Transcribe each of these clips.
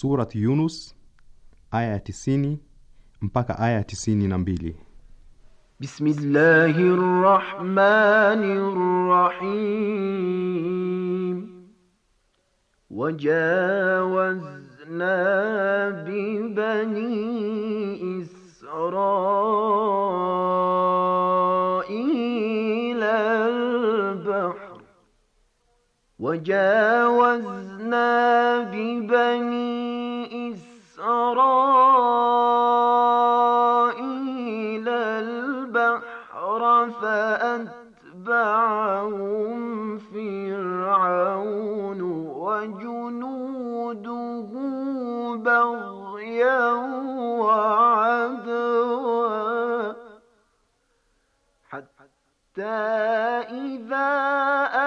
Surat Yunus aya ya tisini mpaka aya ya tisini na mbili. Bismillahi rrahmani rrahim wajawazna bibani israila albahr wajawaz مَتَّعْنَا بِبَنِي إِسْرَائِيلَ الْبَحْرَ فَأَتْبَعَهُمْ فِرْعَوْنُ وَجُنُودُهُ بَغْيًا وَعَدْوًا حَتَّى إِذَا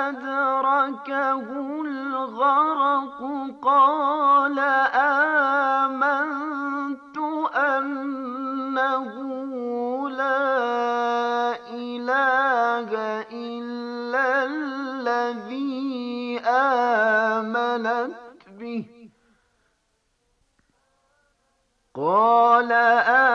أدركه الغرق قال آمنت أنه لا إله إلا الذي آمنت به قال آمنت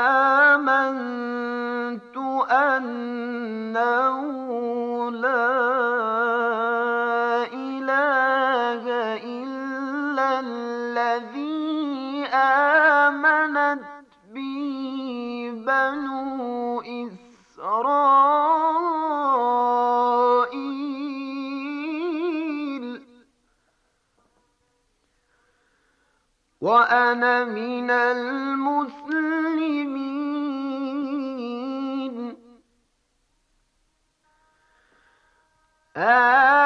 وأنا من المسلمين آه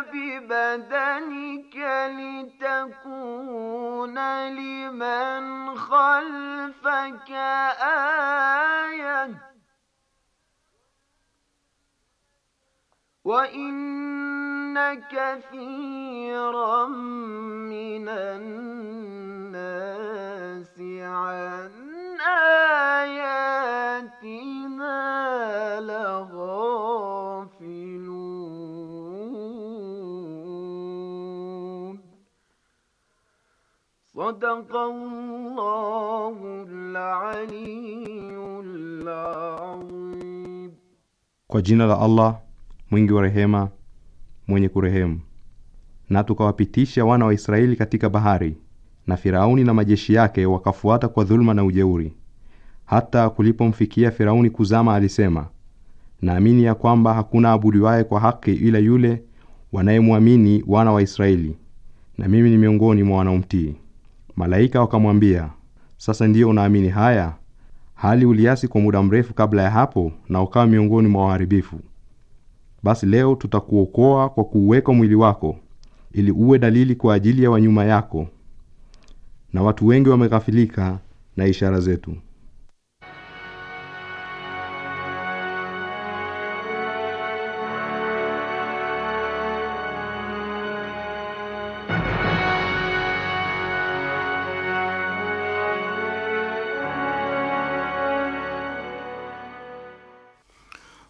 ببدنك لتكون لمن خلفك آية وإن كثيرا من الناس عن آياتنا لغاية Kwa jina la Allah mwingi wa rehema mwenye kurehemu. Na tukawapitisha wana wa Israeli katika bahari, na Firauni na majeshi yake wakafuata kwa dhuluma na ujeuri, hata kulipomfikia Firauni kuzama, alisema, naamini ya kwamba hakuna abudiwaye kwa haki ila yule wanayemwamini wana wa Israeli, na mimi ni miongoni mwa wanaomtii. Malaika wakamwambia, sasa ndiyo unaamini haya, hali uliasi kwa muda mrefu kabla ya hapo, na ukawa miongoni mwa waharibifu. Basi leo tutakuokoa kwa kuuweka mwili wako ili uwe dalili kwa ajili ya wanyuma yako, na watu wengi wameghafilika na ishara zetu.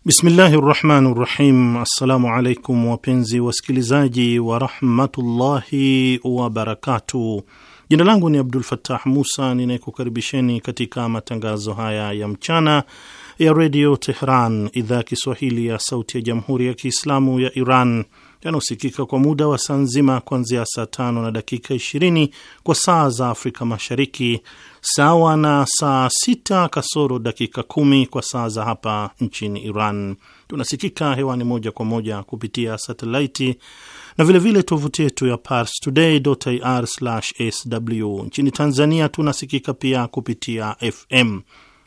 Bismillahi rahmani rahim. Assalamu alaikum wapenzi wasikilizaji warahmatullahi wabarakatu Jina langu ni Abdul Fattah Musa ninayekukaribisheni katika matangazo haya ya mchana ya redio Tehran, idhaa ya Kiswahili ya sauti ya jamhuri ya Kiislamu ya Iran yanayosikika kwa muda wa saa nzima kuanzia saa tano na dakika 20 kwa saa za Afrika Mashariki, sawa na saa sita kasoro dakika kumi kwa saa za hapa nchini Iran. Tunasikika hewani moja kwa moja kupitia satelaiti na vilevile tovuti yetu ya parstoday.ir/sw. Nchini Tanzania tunasikika pia kupitia FM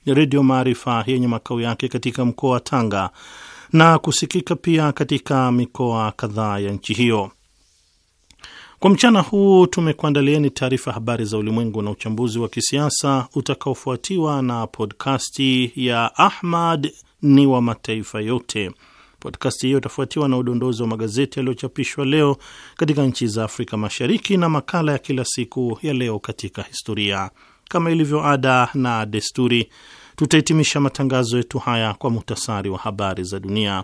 ni Redio Maarifa yenye makao yake katika mkoa wa Tanga na kusikika pia katika mikoa kadhaa ya nchi hiyo. Kwa mchana huu tumekuandalieni taarifa habari za ulimwengu na uchambuzi wa kisiasa utakaofuatiwa na podkasti ya Ahmad ni wa mataifa yote. Podkasti hiyo itafuatiwa na udondozi wa magazeti yaliyochapishwa leo katika nchi za Afrika Mashariki na makala ya kila siku ya leo katika historia. Kama ilivyo ada na desturi, tutahitimisha matangazo yetu haya kwa muhtasari wa habari za dunia.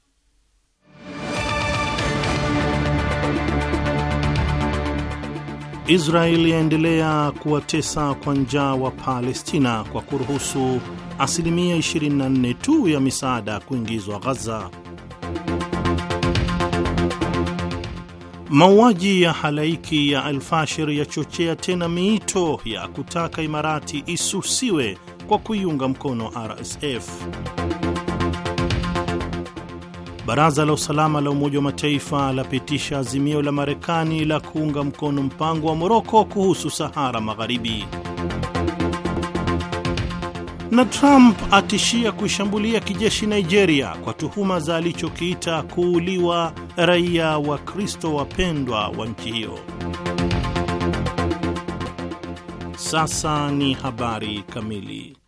israel yaendelea kuwatesa kwa njaa wa Palestina kwa kuruhusu asilimia 24 tu ya misaada kuingizwa Ghaza. Mauaji ya halaiki ya Alfashir yachochea tena miito ya kutaka Imarati isusiwe kwa kuiunga mkono RSF. Baraza la Usalama la Umoja wa Mataifa lapitisha azimio la Marekani la kuunga mkono mpango wa Moroko kuhusu Sahara Magharibi, na Trump atishia kuishambulia kijeshi Nigeria kwa tuhuma za alichokiita kuuliwa raia wa Kristo wapendwa wa nchi hiyo. Sasa ni habari kamili.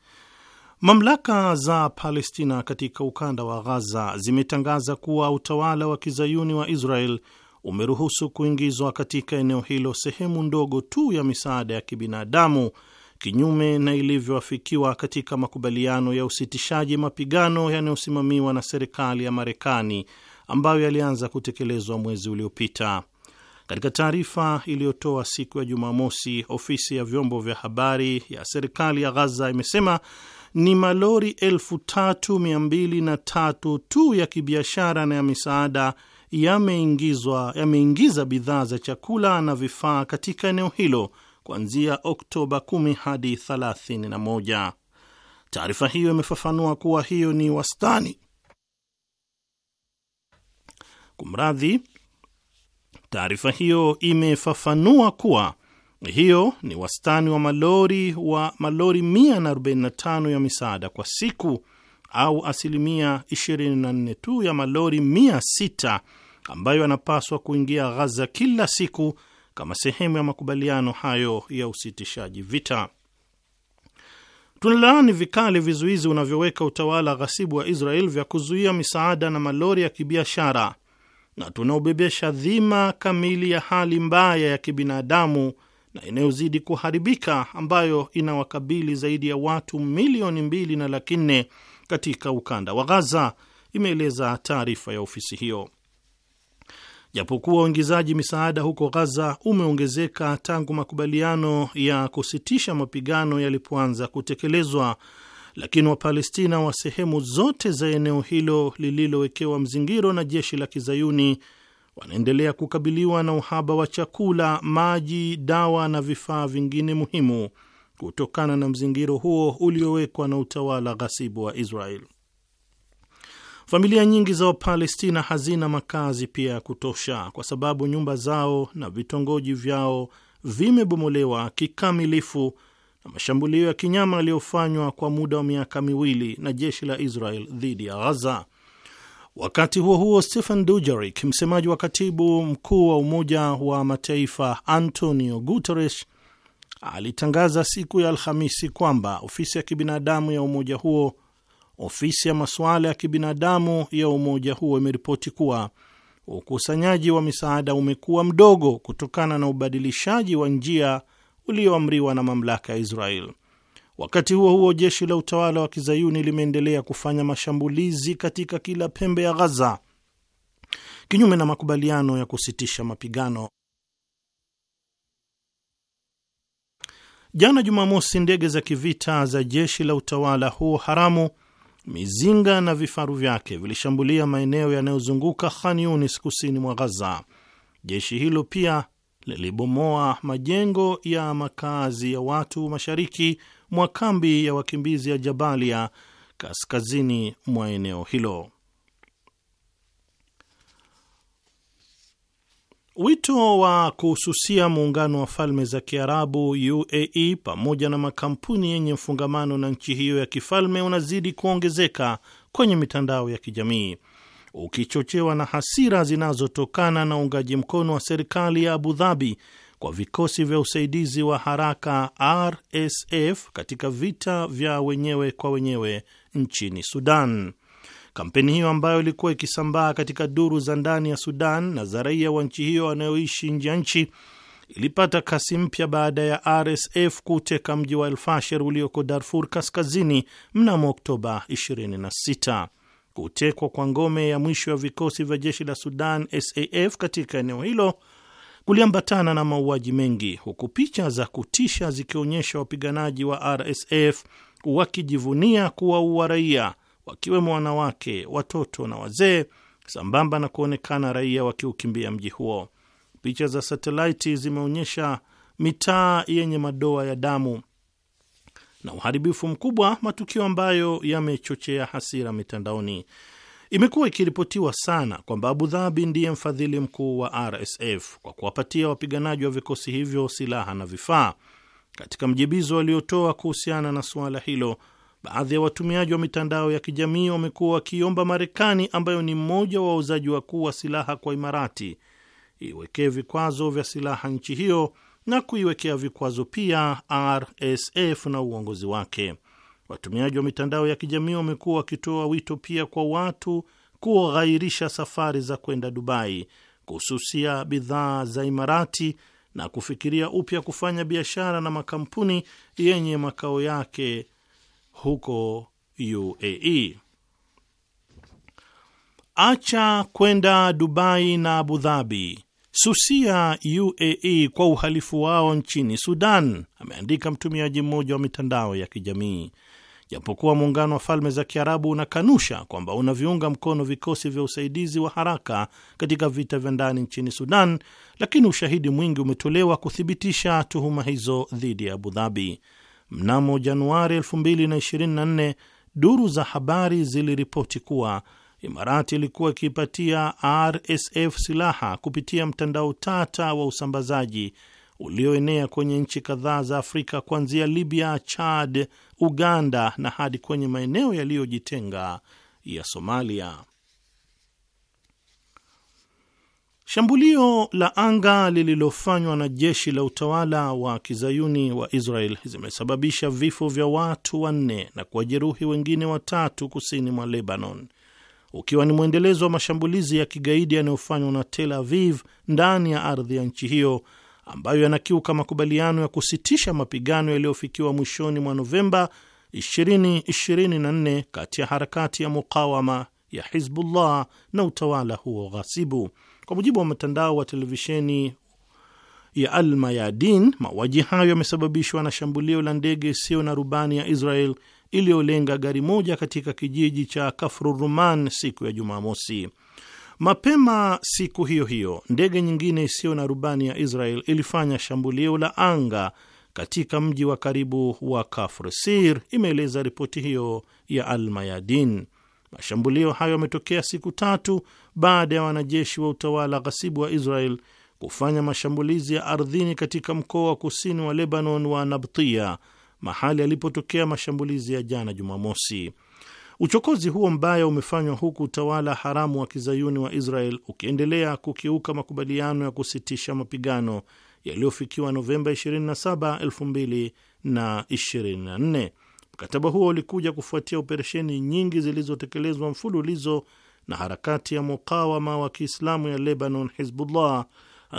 Mamlaka za Palestina katika ukanda wa Ghaza zimetangaza kuwa utawala wa kizayuni wa Israel umeruhusu kuingizwa katika eneo hilo sehemu ndogo tu ya misaada ya kibinadamu, kinyume na ilivyoafikiwa katika makubaliano ya usitishaji mapigano yanayosimamiwa na serikali ya Marekani ambayo yalianza kutekelezwa mwezi uliopita. Katika taarifa iliyotoa siku ya Jumamosi, ofisi ya vyombo vya habari ya serikali ya Ghaza imesema ni malori elfu tatu mia mbili na tatu tu ya kibiashara na ya misaada yameingizwa yameingiza bidhaa za chakula na vifaa katika eneo hilo kuanzia Oktoba 10 hadi 31. Taarifa hiyo imefafanua kuwa hiyo ni wastani kumradhi. Taarifa hiyo imefafanua kuwa hiyo ni wastani wa malori wa malori 145 ya misaada kwa siku au asilimia 24 tu ya malori 600 ambayo yanapaswa kuingia Ghaza kila siku kama sehemu ya makubaliano hayo ya usitishaji vita. Tunalaani vikali vizuizi unavyoweka utawala ghasibu wa Israel vya kuzuia misaada na malori ya kibiashara, na tunaubebesha dhima kamili ya hali mbaya ya kibinadamu na inayozidi kuharibika ambayo inawakabili zaidi ya watu milioni mbili na laki nne katika ukanda wa Ghaza, imeeleza taarifa ya ofisi hiyo. Japokuwa uingizaji misaada huko Ghaza umeongezeka tangu makubaliano ya kusitisha mapigano yalipoanza kutekelezwa, lakini Wapalestina wa sehemu zote za eneo hilo lililowekewa mzingiro na jeshi la kizayuni wanaendelea kukabiliwa na uhaba wa chakula, maji, dawa na vifaa vingine muhimu kutokana na mzingiro huo uliowekwa na utawala ghasibu wa Israel. Familia nyingi za Wapalestina hazina makazi pia ya kutosha, kwa sababu nyumba zao na vitongoji vyao vimebomolewa kikamilifu na mashambulio ya kinyama yaliyofanywa kwa muda wa miaka miwili na jeshi la Israel dhidi ya Ghaza. Wakati huo huo, Stephen dujerik msemaji wa katibu mkuu wa Umoja wa Mataifa Antonio Guterres, alitangaza siku ya Alhamisi kwamba ofisi ya kibinadamu ya umoja huo, ofisi ya masuala ya kibinadamu ya umoja huo imeripoti kuwa ukusanyaji wa misaada umekuwa mdogo kutokana na ubadilishaji wa njia ulioamriwa na mamlaka ya Israel. Wakati huo huo, jeshi la utawala wa kizayuni limeendelea kufanya mashambulizi katika kila pembe ya Ghaza kinyume na makubaliano ya kusitisha mapigano. Jana Jumamosi, ndege za kivita za jeshi la utawala huo haramu, mizinga na vifaru vyake vilishambulia maeneo yanayozunguka Khan Yunis, kusini mwa Ghaza. Jeshi hilo pia lilibomoa majengo ya makazi ya watu mashariki mwa kambi ya wakimbizi ya Jabalia kaskazini mwa eneo hilo. Wito wa kuhususia muungano wa falme za Kiarabu UAE pamoja na makampuni yenye mfungamano na nchi hiyo ya kifalme unazidi kuongezeka kwenye mitandao ya kijamii ukichochewa na hasira zinazotokana na uungaji mkono wa serikali ya Abu Dhabi kwa vikosi vya usaidizi wa haraka RSF katika vita vya wenyewe kwa wenyewe nchini Sudan. Kampeni hiyo ambayo ilikuwa ikisambaa katika duru za ndani ya Sudan na za raia wa nchi hiyo wanayoishi nje ya nchi ilipata kasi mpya baada ya RSF kuteka mji wa Elfasher ulioko Darfur kaskazini mnamo Oktoba 26. Kutekwa kwa ngome ya mwisho ya vikosi vya jeshi la Sudan SAF katika eneo hilo kuliambatana na mauaji mengi, huku picha za kutisha zikionyesha wapiganaji wa RSF wakijivunia kuwaua raia, wakiwemo wanawake, watoto na wazee, sambamba na kuonekana raia wakiukimbia mji huo. Picha za satelaiti zimeonyesha mitaa yenye madoa ya damu na uharibifu mkubwa, matukio ambayo yamechochea hasira mitandaoni. Imekuwa ikiripotiwa sana kwamba Abu Dhabi ndiye mfadhili mkuu wa RSF kwa kuwapatia wapiganaji wa vikosi hivyo silaha na vifaa. Katika mjibizo waliotoa kuhusiana na suala hilo, baadhi ya watumiaji wa mitandao ya kijamii wamekuwa wakiomba Marekani, ambayo ni mmoja wa wauzaji wakuu wa silaha kwa Imarati, iwekee vikwazo vya silaha nchi hiyo na kuiwekea vikwazo pia RSF na uongozi wake. Watumiaji wa mitandao ya kijamii wamekuwa wakitoa wito pia kwa watu kughairisha safari za kwenda Dubai, kususia bidhaa za Imarati na kufikiria upya kufanya biashara na makampuni yenye makao yake huko UAE. Acha kwenda Dubai na Abu Dhabi, susia UAE kwa uhalifu wao nchini Sudan, ameandika mtumiaji mmoja wa mitandao ya kijamii japokuwa muungano wa falme za Kiarabu unakanusha kwamba unaviunga mkono vikosi vya usaidizi wa haraka katika vita vya ndani nchini Sudan, lakini ushahidi mwingi umetolewa kuthibitisha tuhuma hizo dhidi ya Abu Dhabi. Mnamo Januari 2024 duru za habari ziliripoti kuwa Imarati ilikuwa ikiipatia RSF silaha kupitia mtandao tata wa usambazaji ulioenea kwenye nchi kadhaa za Afrika kuanzia Libya, Chad, Uganda na hadi kwenye maeneo yaliyojitenga ya Somalia. Shambulio la anga lililofanywa na jeshi la utawala wa kizayuni wa Israel zimesababisha vifo vya watu wanne na kuwajeruhi wengine watatu kusini mwa Lebanon, ukiwa ni mwendelezo wa mashambulizi ya kigaidi yanayofanywa na Tel Aviv ndani ya ardhi ya nchi hiyo ambayo yanakiuka makubaliano ya kusitisha mapigano yaliyofikiwa mwishoni mwa Novemba 2024 kati ya harakati ya mukawama ya Hizbullah na utawala huo ghasibu. Kwa mujibu wa mtandao wa televisheni ya Al Mayadin, mauaji hayo yamesababishwa na shambulio la ndege isiyo na rubani ya Israel iliyolenga gari moja katika kijiji cha Kafruruman siku ya Jumamosi. Mapema siku hiyo hiyo, ndege nyingine isiyo na rubani ya Israel ilifanya shambulio la anga katika mji wa karibu wa Kafr Sir, imeeleza ripoti hiyo ya Almayadin. Mashambulio hayo yametokea siku tatu baada ya wanajeshi wa utawala ghasibu wa Israel kufanya mashambulizi ya ardhini katika mkoa wa kusini wa Lebanon wa Nabtia, mahali yalipotokea mashambulizi ya jana Jumamosi. Uchokozi huo mbaya umefanywa huku utawala haramu wa kizayuni wa Israel ukiendelea kukiuka makubaliano ya kusitisha mapigano yaliyofikiwa Novemba 27, 2024. Mkataba huo ulikuja kufuatia operesheni nyingi zilizotekelezwa mfululizo na harakati ya mukawama wa Kiislamu ya Lebanon, Hizbullah,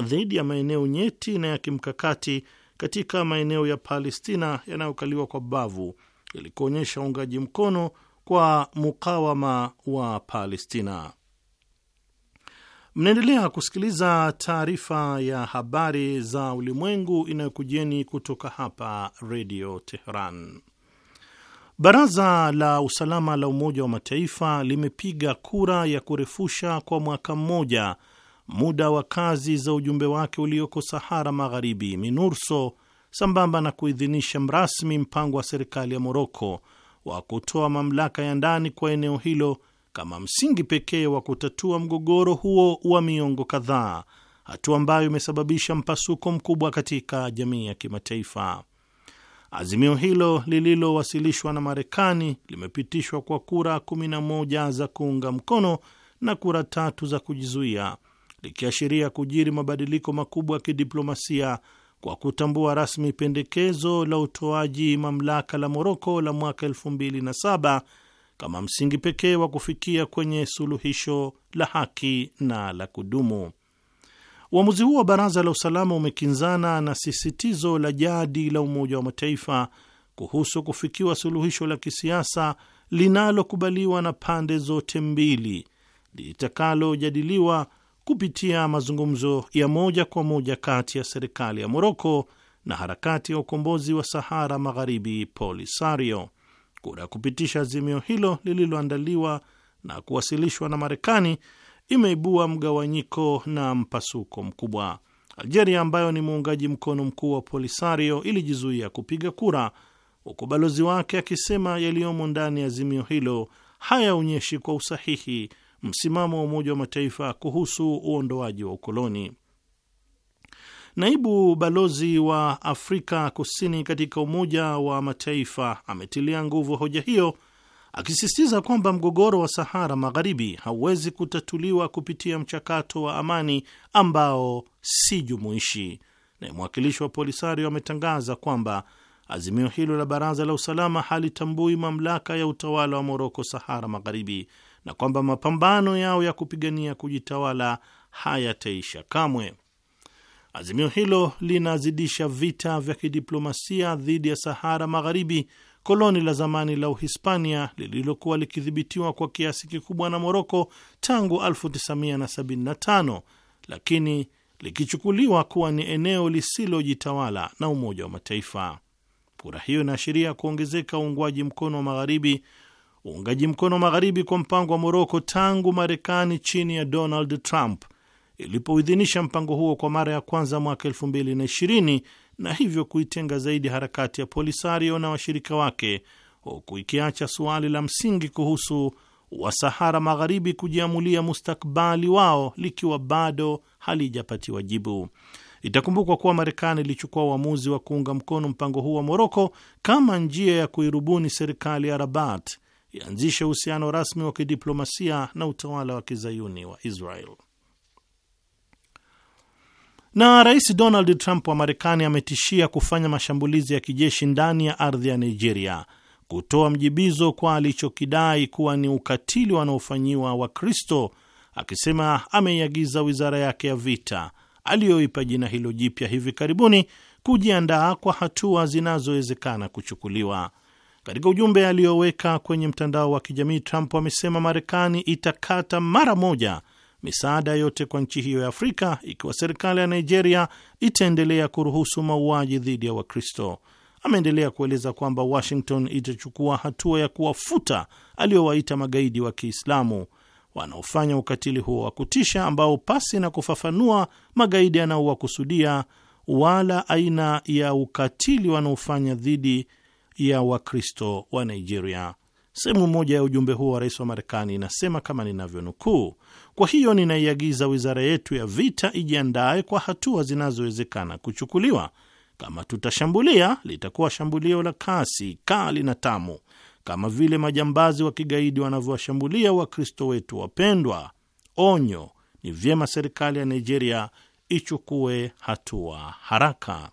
dhidi ya maeneo nyeti na ya kimkakati katika maeneo ya Palestina yanayokaliwa kwa bavu yalikuonyesha uungaji mkono kwa mukawama wa Palestina. Mnaendelea kusikiliza taarifa ya habari za ulimwengu inayokujeni kutoka hapa Redio Teheran. Baraza la Usalama la Umoja wa Mataifa limepiga kura ya kurefusha kwa mwaka mmoja muda wa kazi za ujumbe wake ulioko Sahara Magharibi, MINURSO, sambamba na kuidhinisha rasmi mpango wa serikali ya Moroko wa kutoa mamlaka ya ndani kwa eneo hilo kama msingi pekee wa kutatua mgogoro huo wa miongo kadhaa, hatua ambayo imesababisha mpasuko mkubwa katika jamii ya kimataifa. Azimio hilo lililowasilishwa na Marekani limepitishwa kwa kura 11 za kuunga mkono na kura tatu za kujizuia, likiashiria kujiri mabadiliko makubwa ya kidiplomasia kwa kutambua rasmi pendekezo la utoaji mamlaka la Moroko la mwaka 2007 kama msingi pekee wa kufikia kwenye suluhisho la haki na la kudumu. Uamuzi huo wa Baraza la Usalama umekinzana na sisitizo la jadi la Umoja wa Mataifa kuhusu kufikiwa suluhisho la kisiasa linalokubaliwa na pande zote mbili litakalojadiliwa kupitia mazungumzo ya moja kwa moja kati ya serikali ya Moroko na harakati ya ukombozi wa Sahara Magharibi, Polisario. Kura ya kupitisha azimio hilo lililoandaliwa na kuwasilishwa na Marekani imeibua mgawanyiko na mpasuko mkubwa. Algeria ambayo ni muungaji mkono mkuu wa Polisario ilijizuia kupiga kura, huku balozi wake akisema yaliyomo ndani ya azimio hilo hayaonyeshi kwa usahihi msimamo wa Umoja wa Mataifa kuhusu uondoaji wa ukoloni. Naibu balozi wa Afrika Kusini katika Umoja wa Mataifa ametilia nguvu hoja hiyo, akisisitiza kwamba mgogoro wa Sahara Magharibi hauwezi kutatuliwa kupitia mchakato wa amani ambao si jumuishi. Naye mwakilishi wa Polisario ametangaza kwamba azimio hilo la Baraza la Usalama halitambui mamlaka ya utawala wa Moroko Sahara Magharibi, na kwamba mapambano yao ya kupigania kujitawala hayataisha kamwe. Azimio hilo linazidisha vita vya kidiplomasia dhidi ya Sahara Magharibi, koloni la zamani la Uhispania lililokuwa likidhibitiwa kwa kiasi kikubwa na Moroko tangu 1975 lakini likichukuliwa kuwa ni eneo lisilojitawala na Umoja wa Mataifa. Kura hiyo inaashiria kuongezeka uungwaji mkono wa Magharibi uungaji mkono magharibi kwa mpango wa Moroko tangu Marekani chini ya Donald Trump ilipoidhinisha mpango huo kwa mara ya kwanza mwaka 2020 na hivyo kuitenga zaidi harakati ya Polisario na washirika wake, huku ikiacha suali la msingi kuhusu Wasahara Magharibi kujiamulia mustakbali wao likiwa bado halijapatiwa jibu. Itakumbukwa kuwa Marekani ilichukua uamuzi wa kuunga mkono mpango huu wa Moroko kama njia ya kuirubuni serikali ya Rabat ianzishe uhusiano rasmi wa kidiplomasia na utawala wa kizayuni wa Israel. Na Rais Donald Trump wa Marekani ametishia kufanya mashambulizi ya kijeshi ndani ya ardhi ya Nigeria kutoa mjibizo kwa alichokidai kuwa ni ukatili wanaofanyiwa Wakristo, akisema ameiagiza wizara yake ya vita aliyoipa jina hilo jipya hivi karibuni kujiandaa kwa hatua zinazowezekana kuchukuliwa. Katika ujumbe aliyoweka kwenye mtandao wa kijamii, Trump amesema Marekani itakata mara moja misaada yote kwa nchi hiyo ya Afrika ikiwa serikali ya Nigeria itaendelea kuruhusu mauaji dhidi ya Wakristo. Ameendelea kueleza kwamba Washington itachukua hatua ya kuwafuta aliyowaita magaidi wa Kiislamu wanaofanya ukatili huo wa kutisha, ambao pasi na kufafanua magaidi anaowakusudia wala aina ya ukatili wanaofanya dhidi ya Wakristo wa Nigeria. Sehemu moja ya ujumbe huo wa rais wa Marekani inasema kama ninavyonukuu: kwa hiyo ninaiagiza wizara yetu ya vita ijiandae kwa hatua zinazowezekana kuchukuliwa. Kama tutashambulia, litakuwa shambulio la kasi, kali na tamu, kama vile majambazi wa kigaidi wanavyowashambulia Wakristo wetu wapendwa. Onyo: ni vyema serikali ya Nigeria ichukue hatua haraka.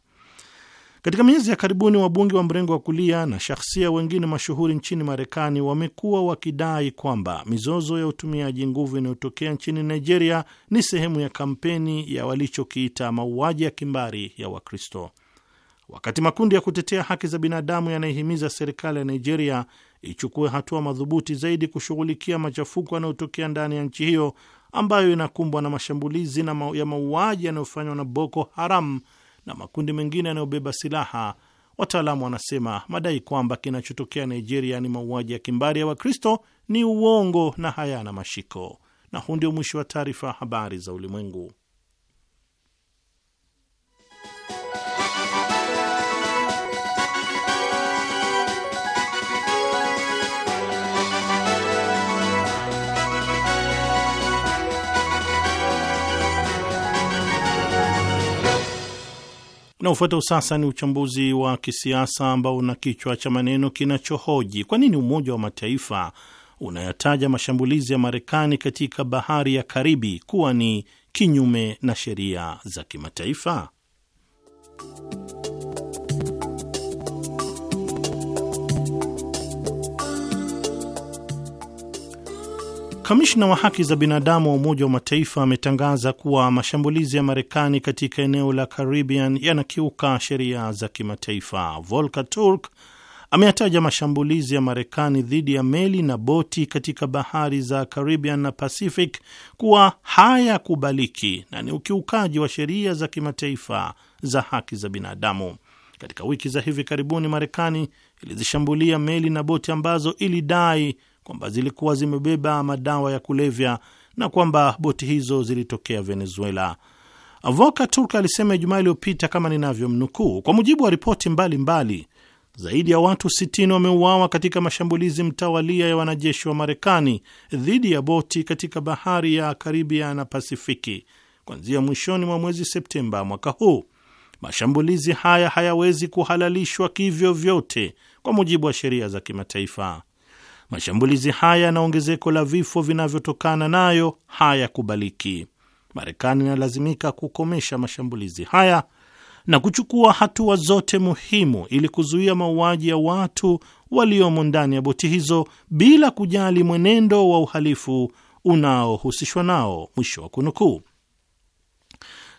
Katika miezi ya karibuni wabunge wa mrengo wa kulia na shahsia wengine mashuhuri nchini Marekani wamekuwa wakidai kwamba mizozo ya utumiaji nguvu inayotokea nchini Nigeria ni sehemu ya kampeni ya walichokiita mauaji ya kimbari ya Wakristo, wakati makundi ya kutetea haki za binadamu yanayohimiza serikali ya Nigeria ichukue hatua madhubuti zaidi kushughulikia machafuko yanayotokea ndani ya nchi hiyo ambayo inakumbwa na mashambulizi na ya mauaji yanayofanywa na Boko Haram na makundi mengine yanayobeba silaha. Wataalamu wanasema madai kwamba kinachotokea Nigeria ni mauaji ya kimbari ya Wakristo ni uongo na hayana mashiko. Na huu ndio mwisho wa taarifa habari za ulimwengu. Unaofuata sasa ni uchambuzi wa kisiasa ambao una kichwa cha maneno kinachohoji kwa nini Umoja wa Mataifa unayataja mashambulizi ya Marekani katika bahari ya Karibi kuwa ni kinyume na sheria za kimataifa. Kamishna wa haki za binadamu wa Umoja wa Mataifa ametangaza kuwa mashambulizi ya Marekani katika eneo la Caribbean yanakiuka sheria za kimataifa. Volker Turk ameyataja mashambulizi ya Marekani dhidi ya meli na boti katika bahari za Caribbean na Pacific kuwa hayakubaliki na ni ukiukaji wa sheria za kimataifa za haki za binadamu. Katika wiki za hivi karibuni, Marekani ilizishambulia meli na boti ambazo ilidai kwamba zilikuwa zimebeba madawa ya kulevya na kwamba boti hizo zilitokea Venezuela. Avoka Turk alisema Ijumaa iliyopita kama ninavyomnukuu, kwa mujibu wa ripoti mbalimbali, zaidi ya watu 60 wameuawa katika mashambulizi mtawalia ya wanajeshi wa Marekani dhidi ya boti katika bahari ya Karibia na Pasifiki kuanzia mwishoni mwa mwezi Septemba mwaka huu. Mashambulizi haya hayawezi kuhalalishwa kivyo vyote kwa mujibu wa sheria za kimataifa. Mashambulizi haya na ongezeko la vifo vinavyotokana nayo hayakubaliki. Marekani inalazimika kukomesha mashambulizi haya na kuchukua hatua zote muhimu ili kuzuia mauaji ya watu waliomo ndani ya boti hizo bila kujali mwenendo wa uhalifu unaohusishwa nao. Mwisho wa kunukuu.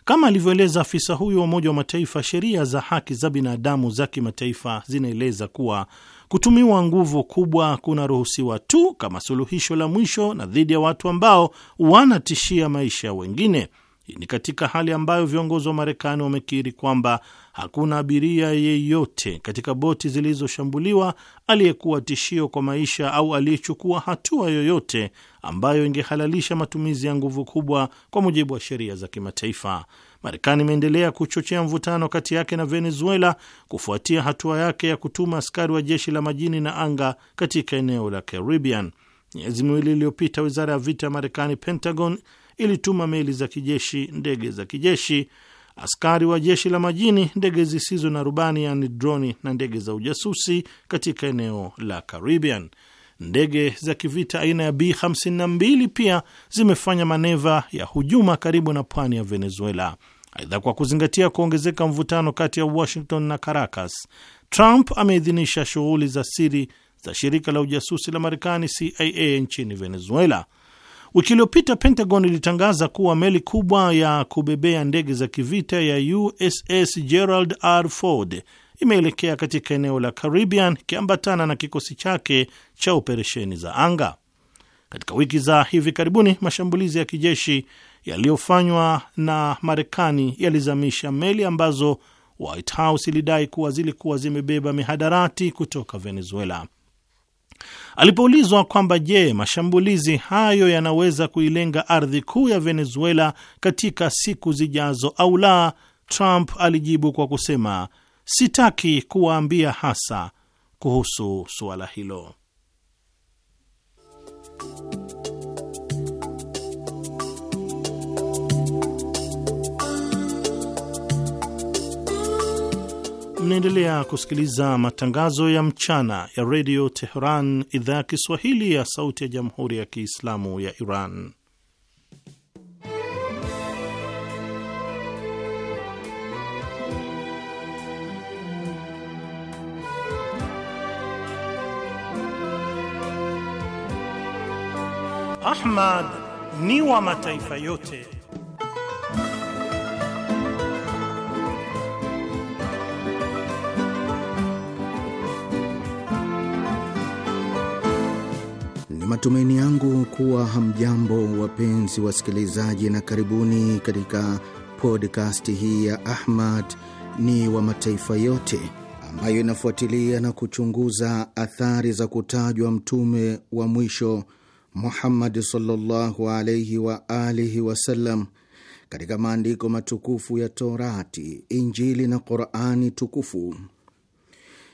Kama alivyoeleza afisa huyo wa Umoja wa Mataifa, sheria za haki za binadamu za kimataifa zinaeleza kuwa kutumiwa nguvu kubwa kunaruhusiwa tu kama suluhisho la mwisho na dhidi ya watu ambao wanatishia maisha ya wengine. Hii ni katika hali ambayo viongozi wa Marekani wamekiri kwamba hakuna abiria yeyote katika boti zilizoshambuliwa aliyekuwa tishio kwa maisha au aliyechukua hatua yoyote ambayo ingehalalisha matumizi ya nguvu kubwa kwa mujibu wa sheria za kimataifa. Marekani imeendelea kuchochea mvutano kati yake na Venezuela kufuatia hatua yake ya kutuma askari wa jeshi la majini na anga katika eneo la Caribbean. Miezi miwili iliyopita, wizara ya vita ya Marekani, Pentagon, ilituma meli za kijeshi, ndege za kijeshi, askari wa jeshi la majini, ndege zisizo na rubani, yani droni, na ndege za ujasusi katika eneo la Caribbean. Ndege za kivita aina ya B52 pia zimefanya maneva ya hujuma karibu na pwani ya Venezuela. Aidha, kwa kuzingatia kuongezeka mvutano kati ya Washington na Caracas, Trump ameidhinisha shughuli za siri za shirika la ujasusi la Marekani CIA nchini Venezuela. Wiki iliyopita Pentagon ilitangaza kuwa meli kubwa ya kubebea ndege za kivita ya USS Gerald R. Ford imeelekea katika eneo la Caribbean ikiambatana na kikosi chake cha operesheni za anga. Katika wiki za hivi karibuni, mashambulizi ya kijeshi yaliyofanywa na Marekani yalizamisha meli ambazo White House ilidai kuwa zilikuwa zimebeba mihadarati kutoka Venezuela. Alipoulizwa kwamba je, mashambulizi hayo yanaweza kuilenga ardhi kuu ya Venezuela katika siku zijazo au la, Trump alijibu kwa kusema sitaki kuwaambia hasa kuhusu suala hilo. Mnaendelea kusikiliza matangazo ya mchana ya redio Teheran, idhaa ya Kiswahili ya sauti ya jamhuri ya kiislamu ya Iran. Ahmad ni wa mataifa yote. Ni matumaini yangu kuwa hamjambo wapenzi wasikilizaji, na karibuni katika podcast hii ya Ahmad ni wa mataifa yote ambayo inafuatilia na kuchunguza athari za kutajwa mtume wa mwisho Muhammadi sallallahu alaihi wa alihi wasallam katika maandiko matukufu ya Torati, Injili na Qurani tukufu.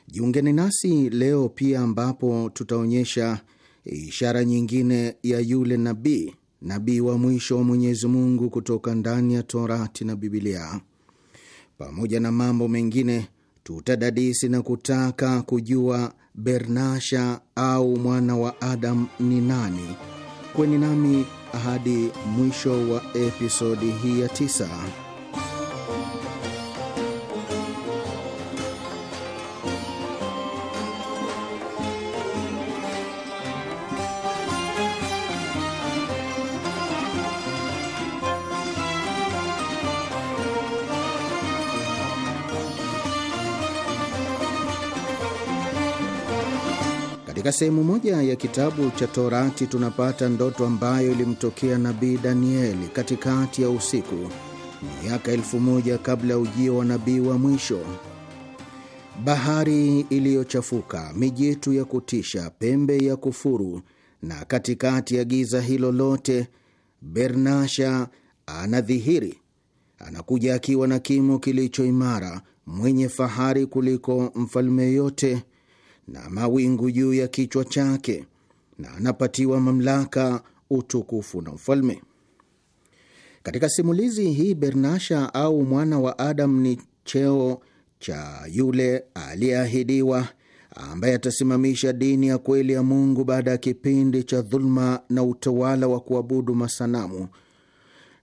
Jiungeni nasi leo pia, ambapo tutaonyesha ishara nyingine ya yule nabii, nabii wa mwisho wa Mwenyezi Mungu kutoka ndani ya Torati na Bibilia. Pamoja na mambo mengine, tutadadisi na kutaka kujua Bernasha au mwana wa Adamu ni nani? Kweni nami hadi mwisho wa episodi hii ya tisa. Katika sehemu moja ya kitabu cha Torati tunapata ndoto ambayo ilimtokea nabii Danieli katikati ya usiku miaka elfu moja kabla ya ujio wa nabii wa mwisho. Bahari iliyochafuka, mijitu ya kutisha, pembe ya kufuru, na katikati ya giza hilo lote Bernasha anadhihiri. Anakuja akiwa na kimo kilicho imara, mwenye fahari kuliko mfalme yote na mawingu juu ya kichwa chake na anapatiwa mamlaka, utukufu na ufalme. Katika simulizi hii Bernasha au mwana wa adam ni cheo cha yule aliyeahidiwa ambaye atasimamisha dini ya kweli ya Mungu baada ya kipindi cha dhuluma na utawala wa kuabudu masanamu.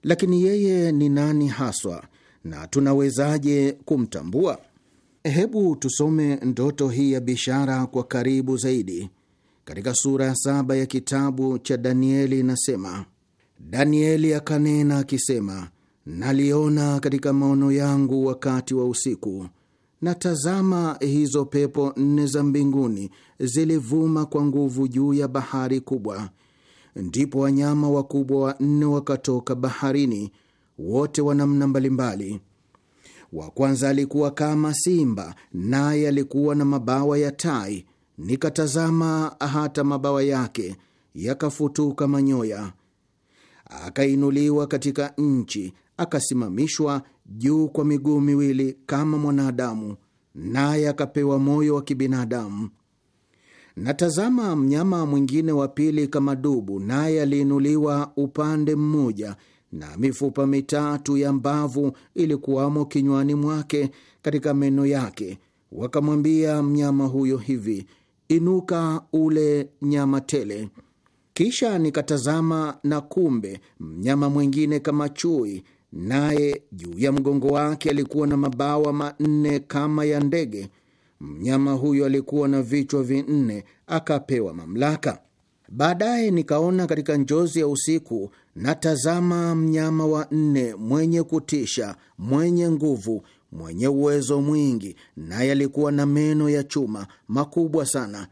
Lakini yeye ni nani haswa na tunawezaje kumtambua? Hebu tusome ndoto hii ya bishara kwa karibu zaidi. Katika sura ya saba ya kitabu cha Danieli inasema, Danieli akanena akisema, naliona katika maono yangu wakati wa usiku, na tazama, hizo pepo nne za mbinguni zilivuma kwa nguvu juu ya bahari kubwa. Ndipo wanyama wakubwa wanne wakatoka baharini, wote wa namna mbalimbali wa kwanza alikuwa kama simba, naye alikuwa na mabawa ya tai. Nikatazama hata mabawa yake yakafutuka manyoya. Akainuliwa katika nchi, akasimamishwa juu kwa miguu miwili kama mwanadamu, naye akapewa moyo wa kibinadamu. Natazama mnyama mwingine wa pili kama dubu, naye aliinuliwa upande mmoja na mifupa mitatu ya mbavu ilikuwamo kinywani mwake katika meno yake. Wakamwambia mnyama huyo hivi, inuka ule nyama tele. Kisha nikatazama, na kumbe mnyama mwingine kama chui, naye juu ya mgongo wake alikuwa na mabawa manne kama ya ndege. Mnyama huyo alikuwa na vichwa vinne, akapewa mamlaka. Baadaye nikaona katika njozi ya usiku, natazama mnyama wa nne mwenye kutisha, mwenye nguvu, mwenye uwezo mwingi, naye alikuwa na meno ya chuma makubwa sana.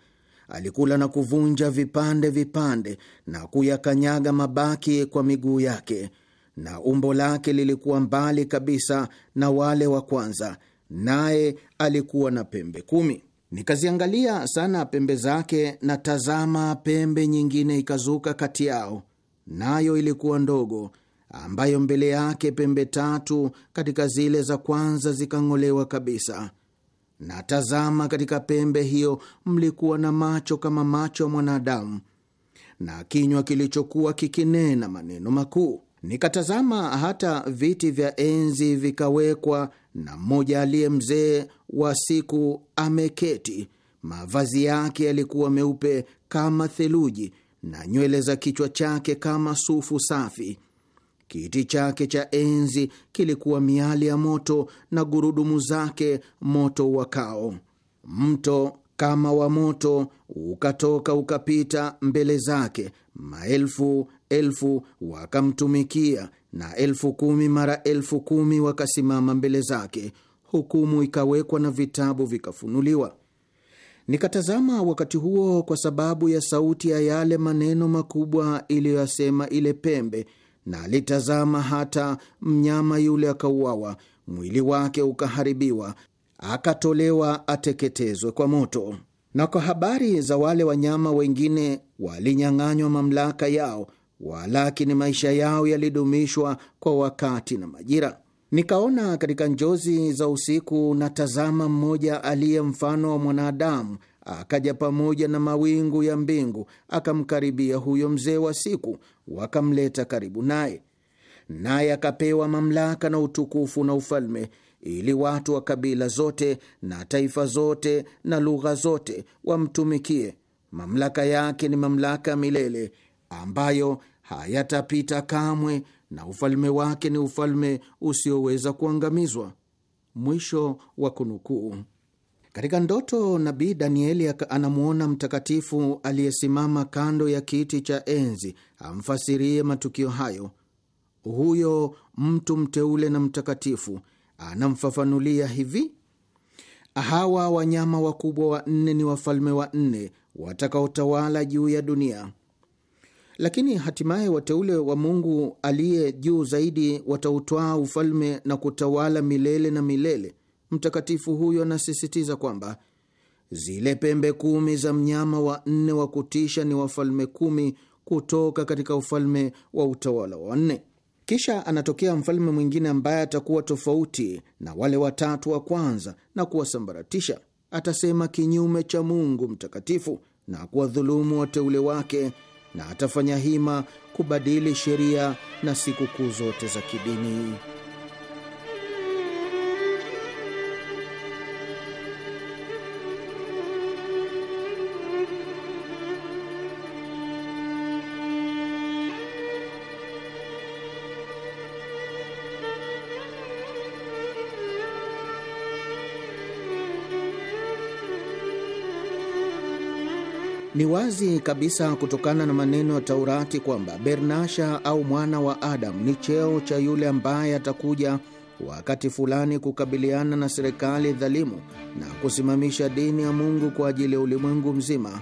Alikula na kuvunja vipande vipande na kuyakanyaga mabaki kwa miguu yake, na umbo lake lilikuwa mbali kabisa na wale wa kwanza, naye alikuwa na pembe kumi. Nikaziangalia sana pembe zake, na tazama, pembe nyingine ikazuka kati yao, nayo ilikuwa ndogo, ambayo mbele yake pembe tatu katika zile za kwanza zikang'olewa kabisa. Na tazama, katika pembe hiyo mlikuwa na macho kama macho ya mwanadamu, na kinywa kilichokuwa kikinena maneno makuu. Nikatazama hata viti vya enzi vikawekwa na mmoja aliye mzee wa siku ameketi. Mavazi yake yalikuwa meupe kama theluji na nywele za kichwa chake kama sufu safi. Kiti chake cha enzi kilikuwa miali ya moto na gurudumu zake moto wakao. Mto kama wa moto ukatoka ukapita mbele zake, maelfu elfu wakamtumikia na elfu kumi mara elfu kumi wakasimama mbele zake. Hukumu ikawekwa na vitabu vikafunuliwa. Nikatazama wakati huo, kwa sababu ya sauti ya yale maneno makubwa iliyoyasema ile pembe, na alitazama hata mnyama yule akauawa, mwili wake ukaharibiwa, akatolewa ateketezwe kwa moto. Na kwa habari za wale wanyama wengine, walinyang'anywa mamlaka yao walakini maisha yao yalidumishwa kwa wakati na majira. Nikaona katika njozi za usiku, na tazama, mmoja aliye mfano wa mwanadamu akaja pamoja na mawingu ya mbingu, akamkaribia huyo mzee wa siku, wakamleta karibu naye, naye akapewa mamlaka na utukufu na ufalme ili watu wa kabila zote na taifa zote na lugha zote wamtumikie. Mamlaka yake ni mamlaka milele, ambayo hayatapita kamwe na ufalme wake ni ufalme usioweza kuangamizwa. Mwisho wa kunukuu. Katika ndoto nabii Danieli anamwona mtakatifu aliyesimama kando ya kiti cha enzi amfasirie matukio hayo. Huyo mtu mteule na mtakatifu anamfafanulia hivi: hawa wanyama wakubwa wanne ni wafalme wanne watakaotawala juu ya dunia. Lakini hatimaye wateule wa Mungu aliye juu zaidi watautwaa ufalme na kutawala milele na milele. Mtakatifu huyo anasisitiza kwamba zile pembe kumi za mnyama wa nne wa kutisha ni wafalme kumi kutoka katika ufalme wa utawala wa nne. Kisha anatokea mfalme mwingine ambaye atakuwa tofauti na wale watatu wa kwanza na kuwasambaratisha. Atasema kinyume cha Mungu mtakatifu na kuwadhulumu wateule wake na atafanya hima kubadili sheria na sikukuu zote za kidini. Ni wazi kabisa kutokana na maneno ya Taurati kwamba Bernasha au mwana wa Adamu ni cheo cha yule ambaye atakuja wakati fulani kukabiliana na serikali dhalimu na kusimamisha dini ya Mungu kwa ajili ya ulimwengu mzima.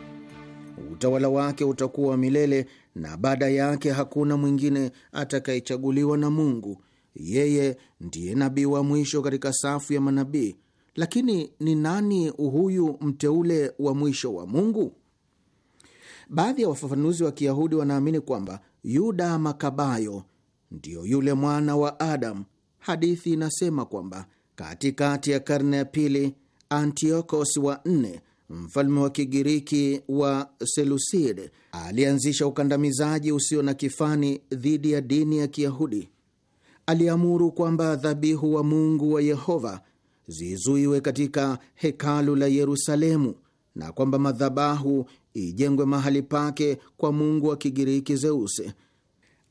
Utawala wake utakuwa milele, na baada yake hakuna mwingine atakayechaguliwa na Mungu. Yeye ndiye nabii wa mwisho katika safu ya manabii. Lakini ni nani huyu mteule wa mwisho wa Mungu? Baadhi ya wafafanuzi wa Kiyahudi wanaamini kwamba Yuda Makabayo ndiyo yule mwana wa Adamu. Hadithi inasema kwamba katikati ya karne ya pili, Antiokos wa nne, mfalme wa Kigiriki wa Selusid, alianzisha ukandamizaji usio na kifani dhidi ya dini ya Kiyahudi. Aliamuru kwamba dhabihu wa Mungu wa Yehova zizuiwe katika hekalu la Yerusalemu na kwamba madhabahu ijengwe mahali pake kwa mungu wa Kigiriki Zeusi.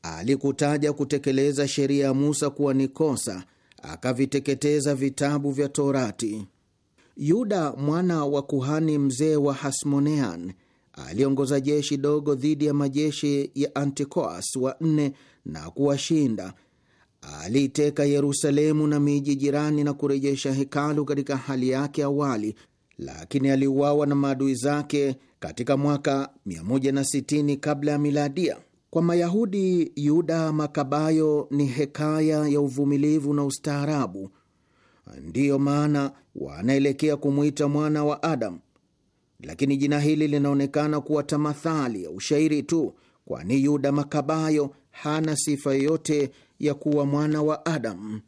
Alikutaja kutekeleza sheria ya Musa kuwa ni kosa, akaviteketeza vitabu vya Torati. Yuda mwana wa kuhani mzee wa Hasmonean aliongoza jeshi dogo dhidi ya majeshi ya Antikoas wa nne na kuwashinda. Aliiteka Yerusalemu na miji jirani na kurejesha hekalu katika hali yake awali lakini aliuawa na maadui zake katika mwaka 160 kabla ya miladia. Kwa Mayahudi, Yuda Makabayo ni hekaya ya uvumilivu na ustaarabu. Ndiyo maana wanaelekea kumwita mwana wa Adamu, lakini jina hili linaonekana kuwa tamathali ya ushairi tu, kwani Yuda Makabayo hana sifa yoyote ya kuwa mwana wa Adamu.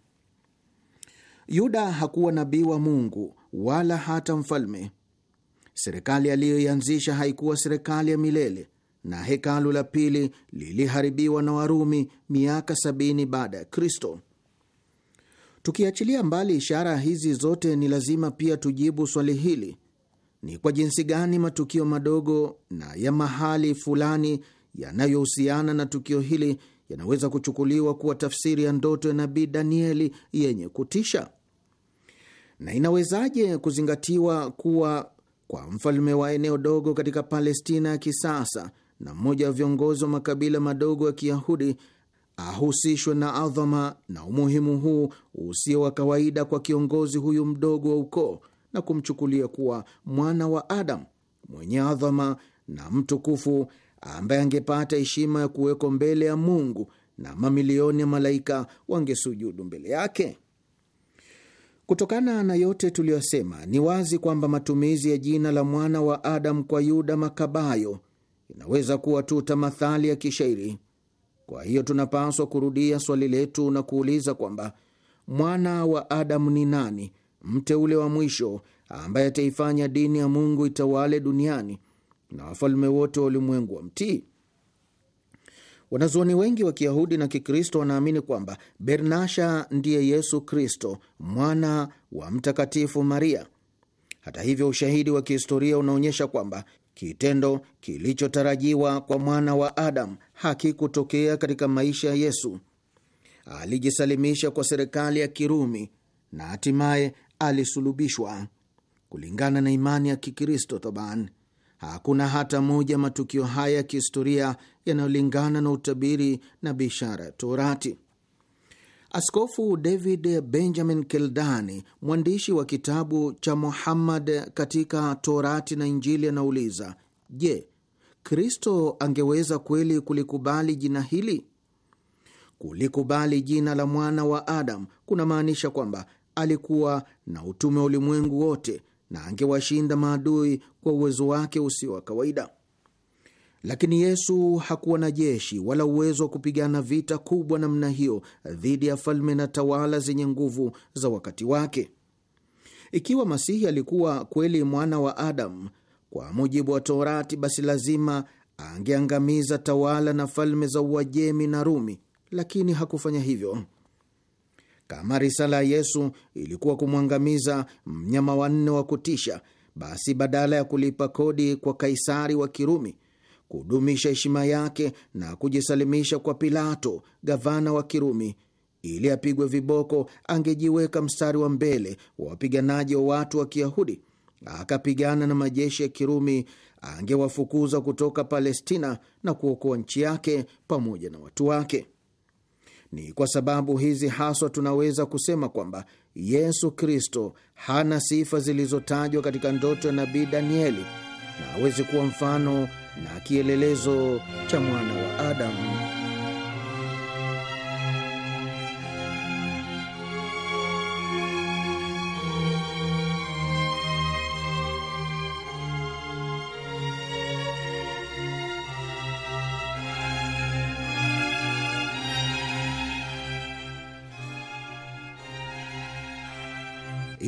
Yuda hakuwa nabii wa Mungu wala hata mfalme. Serikali aliyoianzisha haikuwa serikali ya milele, na hekalu la pili liliharibiwa na Warumi miaka sabini baada ya Kristo. Tukiachilia mbali ishara hizi zote, ni lazima pia tujibu swali hili: ni kwa jinsi gani matukio madogo na ya mahali fulani yanayohusiana na tukio hili yanaweza kuchukuliwa kuwa tafsiri ya ndoto ya nabii Danieli yenye kutisha? na inawezaje kuzingatiwa kuwa kwa mfalme wa eneo dogo katika Palestina ya kisasa na mmoja wa viongozi wa makabila madogo ya Kiyahudi ahusishwe na adhama na umuhimu huu usio wa kawaida kwa kiongozi huyu mdogo wa ukoo na kumchukulia kuwa mwana wa Adamu mwenye adhama na mtukufu ambaye angepata heshima ya kuwekwa mbele ya Mungu na mamilioni ya malaika wangesujudu mbele yake. Kutokana na yote tuliyosema, ni wazi kwamba matumizi ya jina la mwana wa Adamu kwa Yuda Makabayo inaweza kuwa tu tamathali ya kishairi. Kwa hiyo tunapaswa kurudia swali letu na kuuliza kwamba mwana wa Adamu ni nani, mteule wa mwisho ambaye ataifanya dini ya Mungu itawale duniani na wafalme wote wa ulimwengu wa mtii? Wanazuoni wengi wa Kiyahudi na Kikristo wanaamini kwamba Bernasha ndiye Yesu Kristo, mwana wa Mtakatifu Maria. Hata hivyo, ushahidi wa kihistoria unaonyesha kwamba kitendo kilichotarajiwa kwa mwana wa Adamu hakikutokea katika maisha ya Yesu. Alijisalimisha kwa serikali ya Kirumi na hatimaye alisulubishwa kulingana na imani ya Kikristo taban Hakuna hata moja matukio haya ya kihistoria yanayolingana na utabiri na bishara ya Torati. Askofu David Benjamin Keldani, mwandishi wa kitabu cha Muhammad katika Torati na Injili, anauliza je, Kristo angeweza kweli kulikubali jina hili? Kulikubali jina la mwana wa Adam kunamaanisha kwamba alikuwa na utume wa ulimwengu wote na angewashinda maadui kwa uwezo wake usio wa kawaida. Lakini Yesu hakuwa na jeshi wala uwezo wa kupigana vita kubwa namna hiyo dhidi ya falme na tawala zenye nguvu za wakati wake. Ikiwa Masihi alikuwa kweli mwana wa Adamu kwa mujibu wa Torati, basi lazima angeangamiza tawala na falme za Uajemi na Rumi, lakini hakufanya hivyo. Kama risala ya Yesu ilikuwa kumwangamiza mnyama wanne wa kutisha, basi badala ya kulipa kodi kwa Kaisari wa Kirumi, kudumisha heshima yake na kujisalimisha kwa Pilato, gavana wa Kirumi, ili apigwe viboko, angejiweka mstari wa mbele wa wapiganaji wa watu wa Kiyahudi, akapigana na majeshi ya Kirumi, angewafukuza kutoka Palestina na kuokoa nchi yake pamoja na watu wake. Ni kwa sababu hizi haswa tunaweza kusema kwamba Yesu Kristo hana sifa zilizotajwa katika ndoto ya nabii Danieli na hawezi kuwa mfano na kielelezo cha mwana wa Adamu.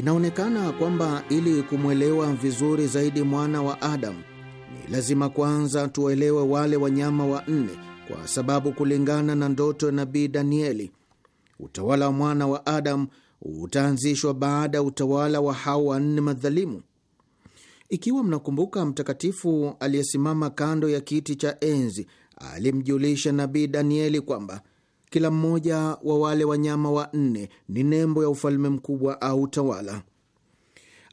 Inaonekana kwamba ili kumwelewa vizuri zaidi mwana wa Adamu ni lazima kwanza tuwaelewe wale wanyama wa nne, kwa sababu kulingana na ndoto ya nabii Danieli, utawala wa mwana wa Adamu utaanzishwa baada ya utawala wa hao wanne madhalimu. Ikiwa mnakumbuka, mtakatifu aliyesimama kando ya kiti cha enzi alimjulisha nabii Danieli kwamba kila mmoja wa wale wanyama wanne ni nembo ya ufalme mkubwa au utawala.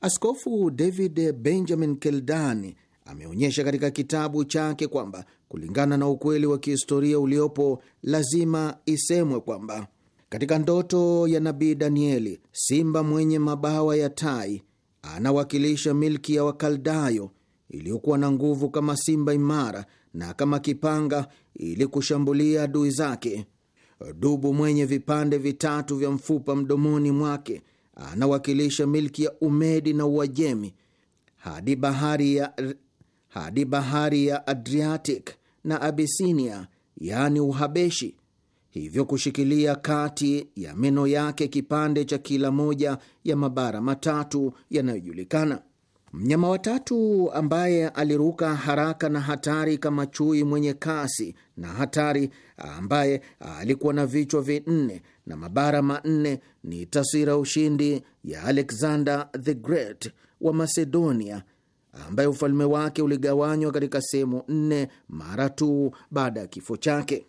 Askofu David Benjamin Keldani ameonyesha katika kitabu chake kwamba kulingana na ukweli wa kihistoria uliopo, lazima isemwe kwamba katika ndoto ya nabii Danieli, simba mwenye mabawa ya tai anawakilisha milki ya Wakaldayo iliyokuwa na nguvu kama simba imara na kama kipanga ili kushambulia adui zake. Dubu mwenye vipande vitatu vya mfupa mdomoni mwake anawakilisha milki ya Umedi na Uajemi hadi bahari ya, hadi bahari ya Adriatic na Abisinia, yaani Uhabeshi. Hivyo kushikilia kati ya meno yake kipande cha kila moja ya mabara matatu yanayojulikana. Mnyama watatu ambaye aliruka haraka na hatari kama chui mwenye kasi na hatari, ambaye alikuwa na vichwa vinne na mabara manne, ni taswira ushindi ya Alexander the Great wa Macedonia, ambaye ufalme wake uligawanywa katika sehemu nne mara tu baada ya kifo chake.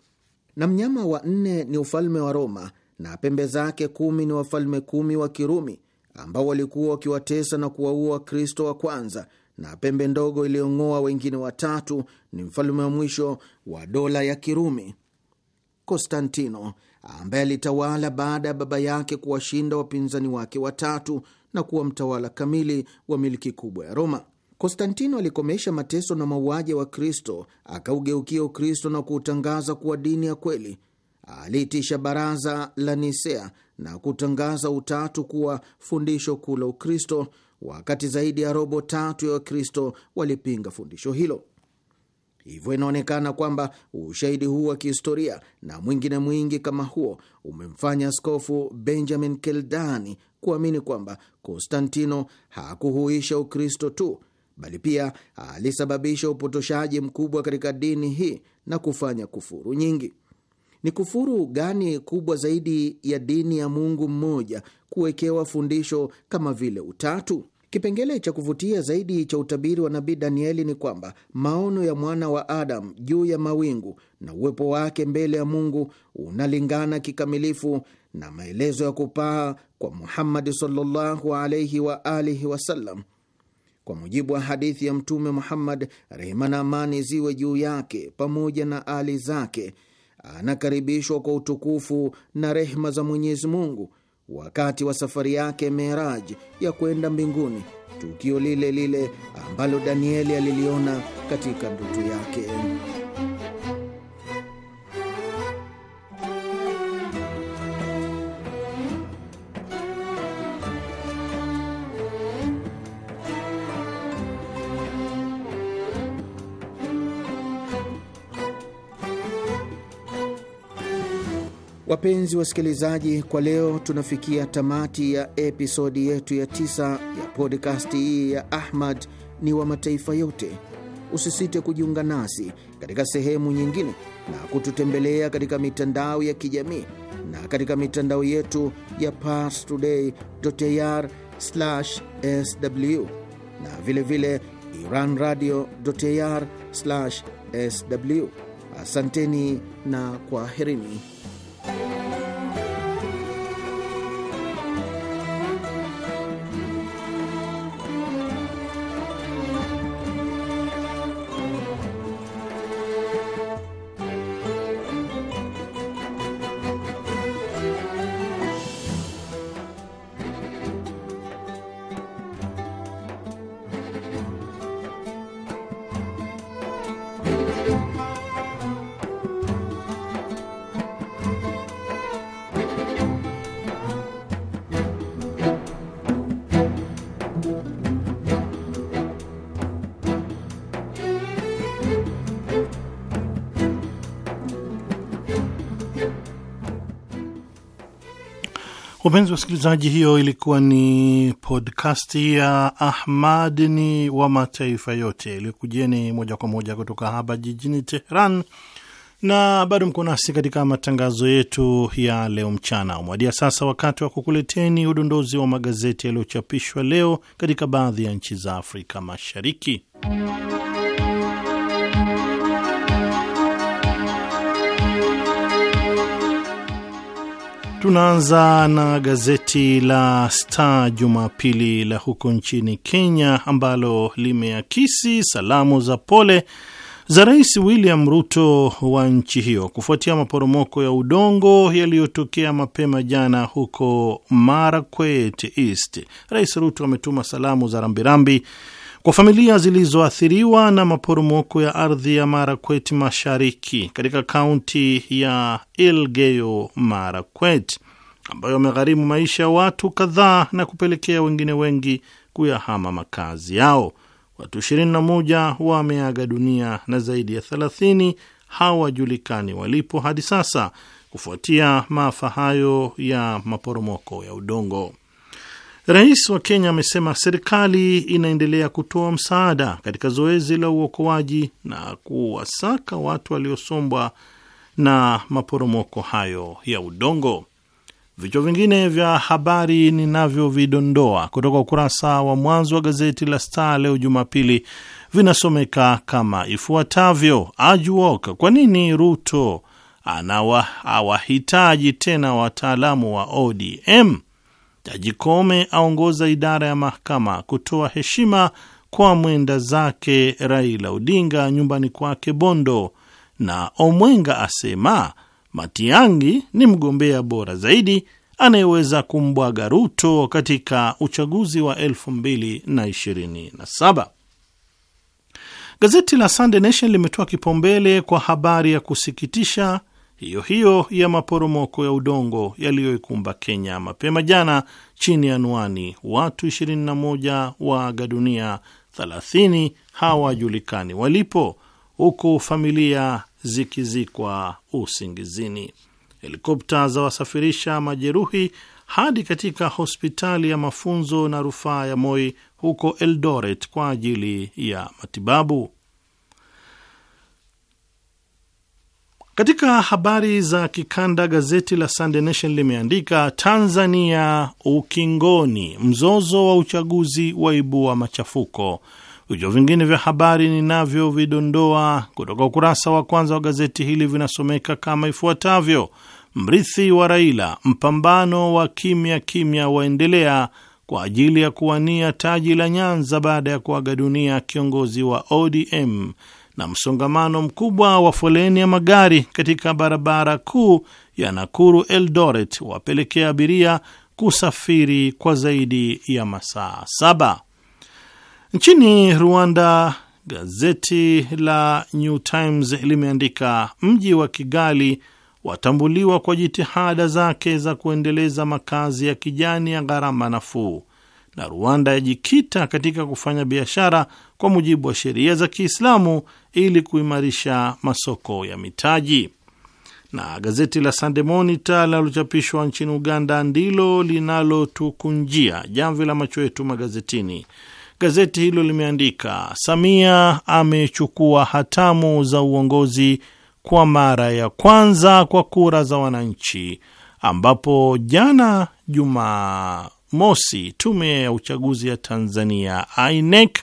Na mnyama wa nne ni ufalme wa Roma, na pembe zake kumi ni wafalme kumi wa Kirumi ambao walikuwa wakiwatesa na kuwaua Wakristo wa kwanza, na pembe ndogo iliyong'oa wengine watatu ni mfalme wa mwisho wa dola ya Kirumi. Konstantino ambaye alitawala baada ya baba yake kuwashinda wapinzani wake watatu na kuwa mtawala kamili wa milki kubwa ya Roma. Konstantino alikomesha mateso na mauaji ya Wakristo, akaugeukia Ukristo na kuutangaza kuwa dini ya kweli. Aliitisha baraza la Nisea na kutangaza utatu kuwa fundisho kuu la Ukristo, wakati zaidi ya robo tatu ya Wakristo walipinga fundisho hilo. Hivyo inaonekana kwamba ushahidi huu wa kihistoria na mwingine mwingi kama huo umemfanya Askofu Benjamin Keldani kuamini kwamba Konstantino hakuhuisha Ukristo tu bali pia alisababisha upotoshaji mkubwa katika dini hii na kufanya kufuru nyingi. Ni kufuru gani kubwa zaidi ya dini ya Mungu mmoja kuwekewa fundisho kama vile utatu? Kipengele cha kuvutia zaidi cha utabiri wa nabii Danieli ni kwamba maono ya mwana wa Adamu juu ya mawingu na uwepo wake mbele ya Mungu unalingana kikamilifu na maelezo ya kupaa kwa Muhammadi sallallahu alaihi wa alihi wasallam. Kwa mujibu wa hadithi ya Mtume Muhammad, rehema na amani ziwe juu yake pamoja na ali zake anakaribishwa kwa utukufu na rehma za Mwenyezi Mungu wakati wa safari yake Meraj ya kwenda mbinguni, tukio lile lile ambalo Danieli aliliona katika ndoto yake. wapenzi wasikilizaji, kwa leo tunafikia tamati ya episodi yetu ya tisa ya podkasti hii ya Ahmad ni wa mataifa yote. Usisite kujiunga nasi katika sehemu nyingine na kututembelea katika mitandao ya kijamii na katika mitandao yetu ya parstoday.ir/sw na vilevile iranradio.ir/sw. Asanteni na kwaherini. Wapenzi wasikilizaji, hiyo ilikuwa ni podkasti ya Ahmad ni wa mataifa yote iliyokujeni moja kwa moja kutoka hapa jijini Teheran, na bado mko nasi katika matangazo yetu ya leo mchana. Umewadia sasa wakati wa kukuleteni udondozi wa magazeti yaliyochapishwa leo katika baadhi ya nchi za Afrika Mashariki. Tunaanza na gazeti la Star Jumapili la huko nchini Kenya, ambalo limeakisi salamu za pole za Rais William Ruto wa nchi hiyo kufuatia maporomoko ya udongo yaliyotokea mapema jana huko Marakwet East. Rais Ruto ametuma salamu za rambirambi kwa familia zilizoathiriwa na maporomoko ya ardhi ya Marakwet Mashariki katika kaunti ya Elgeyo Marakwet ambayo amegharimu maisha ya watu kadhaa na kupelekea wengine wengi kuyahama makazi yao. Watu 21 wameaga dunia na zaidi ya 30 hawajulikani walipo hadi sasa kufuatia maafa hayo ya maporomoko ya udongo. Rais wa Kenya amesema serikali inaendelea kutoa msaada katika zoezi la uokoaji na kuwasaka watu waliosombwa na maporomoko hayo ya udongo. Vichwa vingine vya habari ninavyovidondoa kutoka ukurasa wa mwanzo wa gazeti la Star leo Jumapili vinasomeka kama ifuatavyo: Ajwok, kwa nini Ruto anawahitaji tena wataalamu wa ODM? Jaji Kome aongoza idara ya mahakama kutoa heshima kwa mwenda zake Raila Odinga nyumbani kwake Bondo, na Omwenga asema Matiangi ni mgombea bora zaidi anayeweza kumbwaga Ruto katika uchaguzi wa 2027. Gazeti la Sunday Nation limetoa kipaumbele kwa habari ya kusikitisha hiyo hiyo ya maporomoko ya udongo yaliyoikumba Kenya mapema jana chini ya anwani watu 21 waaga dunia, 30 hawajulikani walipo, huku familia zikizikwa usingizini. Helikopta za wasafirisha majeruhi hadi katika hospitali ya mafunzo na rufaa ya Moi huko Eldoret kwa ajili ya matibabu. Katika habari za kikanda, gazeti la Sunday Nation limeandika Tanzania ukingoni, mzozo wa uchaguzi waibua machafuko. Vichwa vingine vya habari ninavyovidondoa kutoka ukurasa wa kwanza wa gazeti hili vinasomeka kama ifuatavyo: mrithi wa Raila, mpambano wa kimya kimya waendelea kwa ajili ya kuwania taji la Nyanza baada ya kuaga dunia kiongozi wa ODM na msongamano mkubwa wa foleni ya magari katika barabara kuu ya Nakuru Eldoret wapelekea abiria kusafiri kwa zaidi ya masaa saba. Nchini Rwanda, gazeti la New Times limeandika mji wa Kigali watambuliwa kwa jitihada zake za kuendeleza makazi ya kijani ya gharama nafuu na Rwanda yajikita katika kufanya biashara kwa mujibu wa sheria za Kiislamu ili kuimarisha masoko ya mitaji. Na gazeti la Sunday Monitor linalochapishwa nchini Uganda ndilo linalotukunjia jamvi la macho yetu magazetini. Gazeti hilo limeandika, Samia amechukua hatamu za uongozi kwa mara ya kwanza kwa kura za wananchi, ambapo jana Jumaa Mosi, tume ya uchaguzi ya Tanzania INEC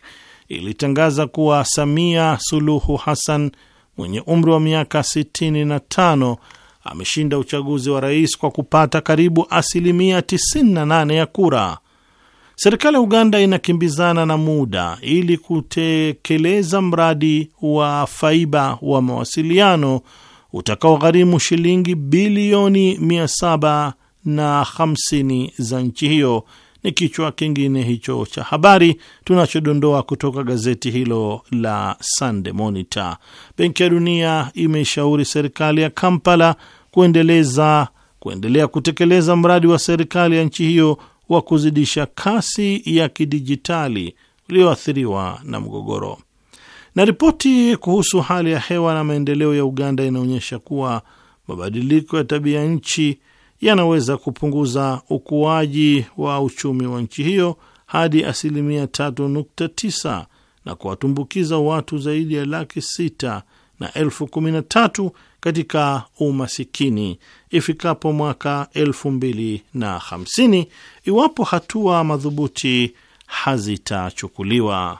ilitangaza kuwa Samia Suluhu Hassan mwenye umri wa miaka 65 ameshinda uchaguzi wa rais kwa kupata karibu asilimia 98 ya kura. Serikali ya Uganda inakimbizana na muda ili kutekeleza mradi wa faiba wa mawasiliano utakaogharimu shilingi bilioni 700 na hamsini za nchi hiyo ni kichwa kingine hicho cha habari tunachodondoa kutoka gazeti hilo la Sunday Monitor. Benki ya Dunia imeshauri serikali ya Kampala kuendeleza kuendelea kutekeleza mradi wa serikali ya nchi hiyo wa kuzidisha kasi ya kidijitali ulioathiriwa na mgogoro. Na ripoti kuhusu hali ya hewa na maendeleo ya Uganda inaonyesha kuwa mabadiliko ya tabia nchi yanaweza kupunguza ukuaji wa uchumi wa nchi hiyo hadi asilimia 3.9 na kuwatumbukiza watu zaidi ya laki sita na elfu kumi na tatu katika umasikini ifikapo mwaka elfu mbili na hamsini iwapo hatua madhubuti hazitachukuliwa.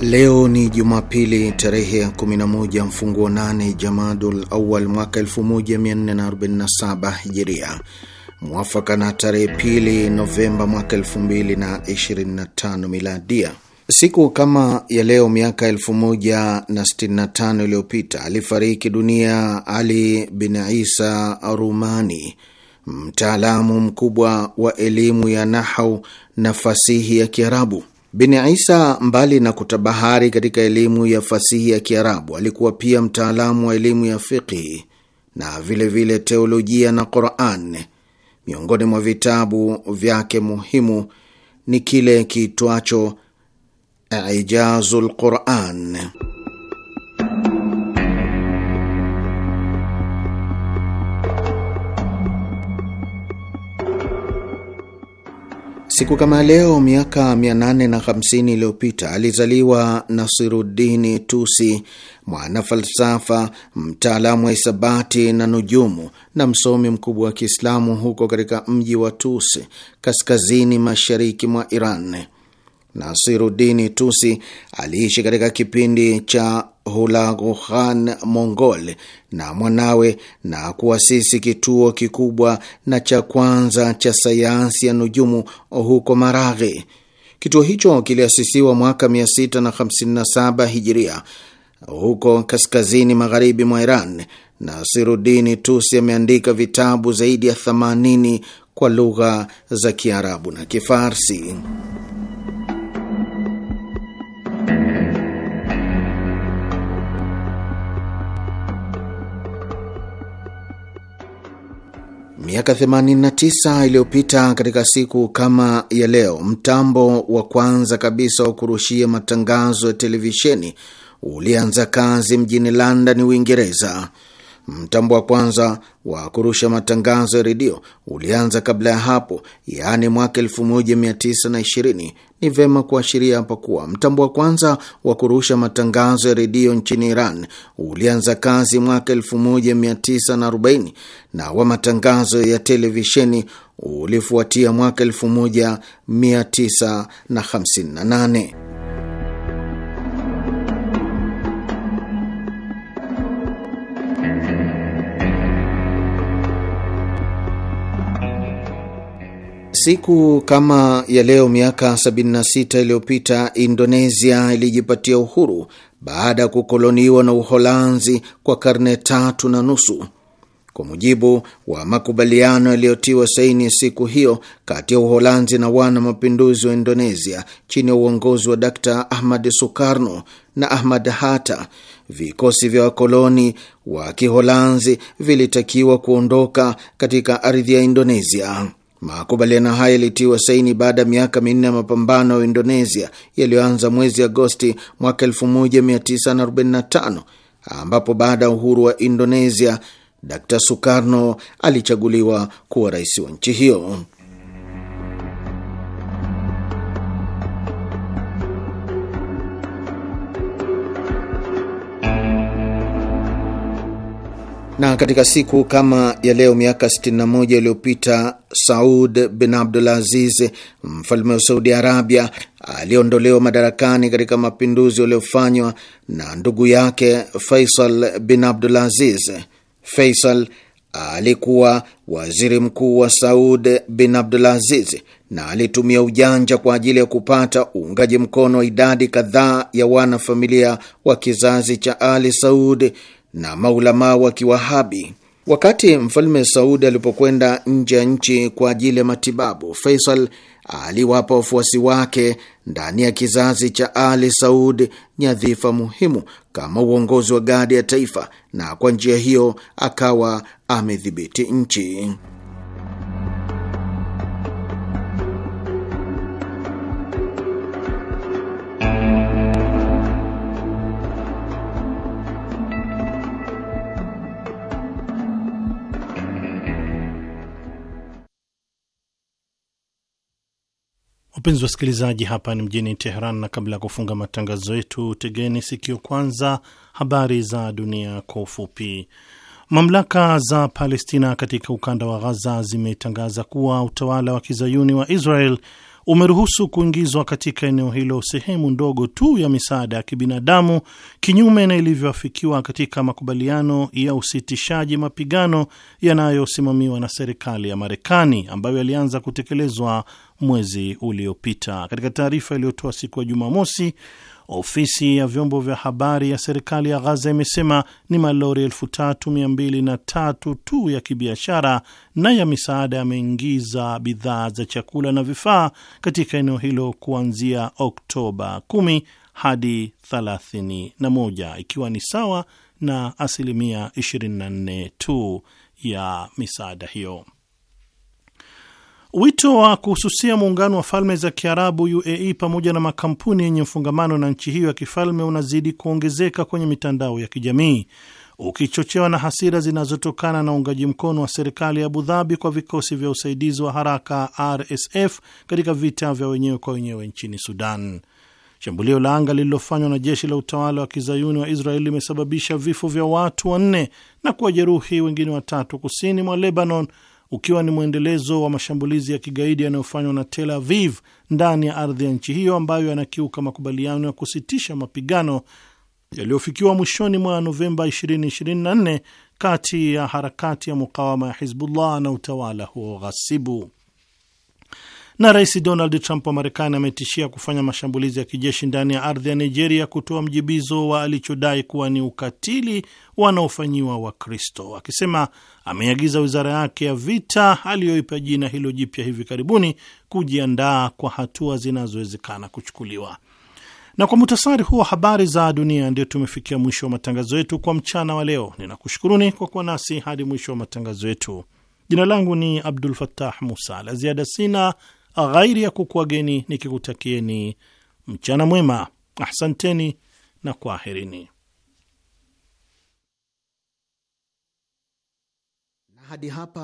Leo ni Jumapili tarehe ya 11 mfunguo 8 Jamadul Awal mwaka 1447 Hijiria, mwafaka na tarehe pili Novemba mwaka 2025 Miladia. Siku kama ya leo miaka 1065 iliyopita alifariki dunia Ali bin Isa Arumani, mtaalamu mkubwa wa elimu ya nahau na fasihi ya Kiarabu. Bin Isa, mbali na kutabahari katika elimu ya fasihi ya Kiarabu, alikuwa pia mtaalamu wa elimu ya fiqhi na vilevile vile teolojia na Quran. Miongoni mwa vitabu vyake muhimu ni kile kiitwacho Ijazu lquran. Siku kama leo miaka 850 iliyopita alizaliwa Nasiruddin Tusi, mwana falsafa, mtaalamu wa hisabati na nujumu na msomi mkubwa wa Kiislamu, huko katika mji wa Tusi, kaskazini mashariki mwa Iran. Nasiruddin Tusi aliishi katika kipindi cha Hulaguhan Mongol na mwanawe na kuasisi kituo kikubwa na cha kwanza cha sayansi ya nujumu huko Maraghi. Kituo hicho kiliasisiwa mwaka 657 Hijiria huko kaskazini magharibi mwa Iran, na Sirudini Tusi ameandika vitabu zaidi ya 80 kwa lugha za Kiarabu na Kifarsi. Miaka 89 iliyopita katika siku kama ya leo, mtambo wa kwanza kabisa wa kurushia matangazo ya televisheni ulianza kazi mjini London, Uingereza. Mtambo wa kwanza wa kurusha matangazo ya redio ulianza kabla ya hapo, yaani mwaka 1920. Ni vema kuashiria hapa kuwa mtambo wa kwanza wa kurusha matangazo ya redio nchini Iran ulianza kazi mwaka 1940 na wa matangazo ya televisheni ulifuatia mwaka 1958. Siku kama ya leo miaka 76 iliyopita Indonesia ilijipatia uhuru baada ya kukoloniwa na Uholanzi kwa karne tatu na nusu. Kwa mujibu wa makubaliano yaliyotiwa saini siku hiyo kati ya Uholanzi na wana mapinduzi wa Indonesia chini ya uongozi wa Dr Ahmad Sukarno na Ahmad Hatta, vikosi vya wakoloni wa Kiholanzi vilitakiwa kuondoka katika ardhi ya Indonesia. Makubaliano haya yalitiwa saini baada ya miaka minne ya mapambano ya Indonesia yaliyoanza mwezi Agosti mwaka 1945 ambapo baada ya uhuru wa Indonesia dr Sukarno alichaguliwa kuwa rais wa nchi hiyo. Na katika siku kama ya leo miaka 61 iliyopita Saud bin Aziz, mfalme wa Saudi Arabia, aliondolewa madarakani katika mapinduzi yaliyofanywa na ndugu yake Faisal bin Aziz. Faisal alikuwa waziri mkuu wa Saud bin aziz na alitumia ujanja kwa ajili ya kupata uungaji mkono wa idadi kadhaa ya wanafamilia wa kizazi cha Ali Saud na maulama wa Kiwahabi. Wakati mfalme Saudi alipokwenda nje ya nchi kwa ajili ya matibabu, Faisal aliwapa wafuasi wake ndani ya kizazi cha Ali Saud nyadhifa muhimu kama uongozi wa gadi ya taifa, na kwa njia hiyo akawa amedhibiti nchi. Wapenzi wasikilizaji, hapa ni mjini Teheran, na kabla ya kufunga matangazo yetu, tegeni sikio kwanza habari za dunia kwa ufupi. Mamlaka za Palestina katika ukanda wa Ghaza zimetangaza kuwa utawala wa kizayuni wa Israel umeruhusu kuingizwa katika eneo hilo sehemu ndogo tu ya misaada ya kibinadamu, kinyume na ilivyoafikiwa katika makubaliano ya usitishaji mapigano yanayosimamiwa na serikali ya Marekani ambayo yalianza kutekelezwa mwezi uliopita. Katika taarifa iliyotoa siku ya Jumamosi, Ofisi ya vyombo vya habari ya serikali ya Ghaza imesema ni malori elfu tatu mia mbili na tatu tu ya kibiashara na ya misaada yameingiza bidhaa za chakula na vifaa katika eneo hilo kuanzia Oktoba 10 hadi 31 ikiwa ni sawa na asilimia 24 tu ya misaada hiyo. Wito wa kuhususia muungano wa falme za Kiarabu UAE pamoja na makampuni yenye mfungamano na nchi hiyo ya kifalme unazidi kuongezeka kwenye mitandao ya kijamii ukichochewa na hasira zinazotokana na uungaji mkono wa serikali ya Abu Dhabi kwa vikosi vya usaidizi wa haraka RSF katika vita vya wenyewe kwa wenyewe nchini Sudan. Shambulio la anga lililofanywa na jeshi la utawala wa kizayuni wa israel limesababisha vifo vya watu wanne na kuwajeruhi wengine watatu kusini mwa Lebanon ukiwa ni mwendelezo wa mashambulizi ya kigaidi yanayofanywa na Tel Aviv ndani ya ardhi ya nchi hiyo ambayo yanakiuka makubaliano ya kusitisha mapigano yaliyofikiwa mwishoni mwa Novemba 2024 kati ya harakati ya mukawama ya Hizbullah na utawala huo ghasibu. Na Rais Donald Trump wa Marekani ametishia kufanya mashambulizi ya kijeshi ndani ya ardhi ya Nigeria kutoa mjibizo wa alichodai kuwa ni ukatili wanaofanyiwa Wakristo, akisema ameagiza wizara yake ya vita aliyoipa jina hilo jipya hivi karibuni kujiandaa kwa hatua zinazowezekana kuchukuliwa. Na kwa mutasari huo habari za dunia, ndio tumefikia mwisho wa matangazo yetu kwa mchana wa leo. Ninakushukuruni kwa kuwa nasi hadi mwisho wa matangazo yetu. Jina langu ni Abdul Fattah Musa. La ziada sina ghairi ya kukuageni nikikutakieni mchana mwema. Ahsanteni na kwaherini. Na hadi hapa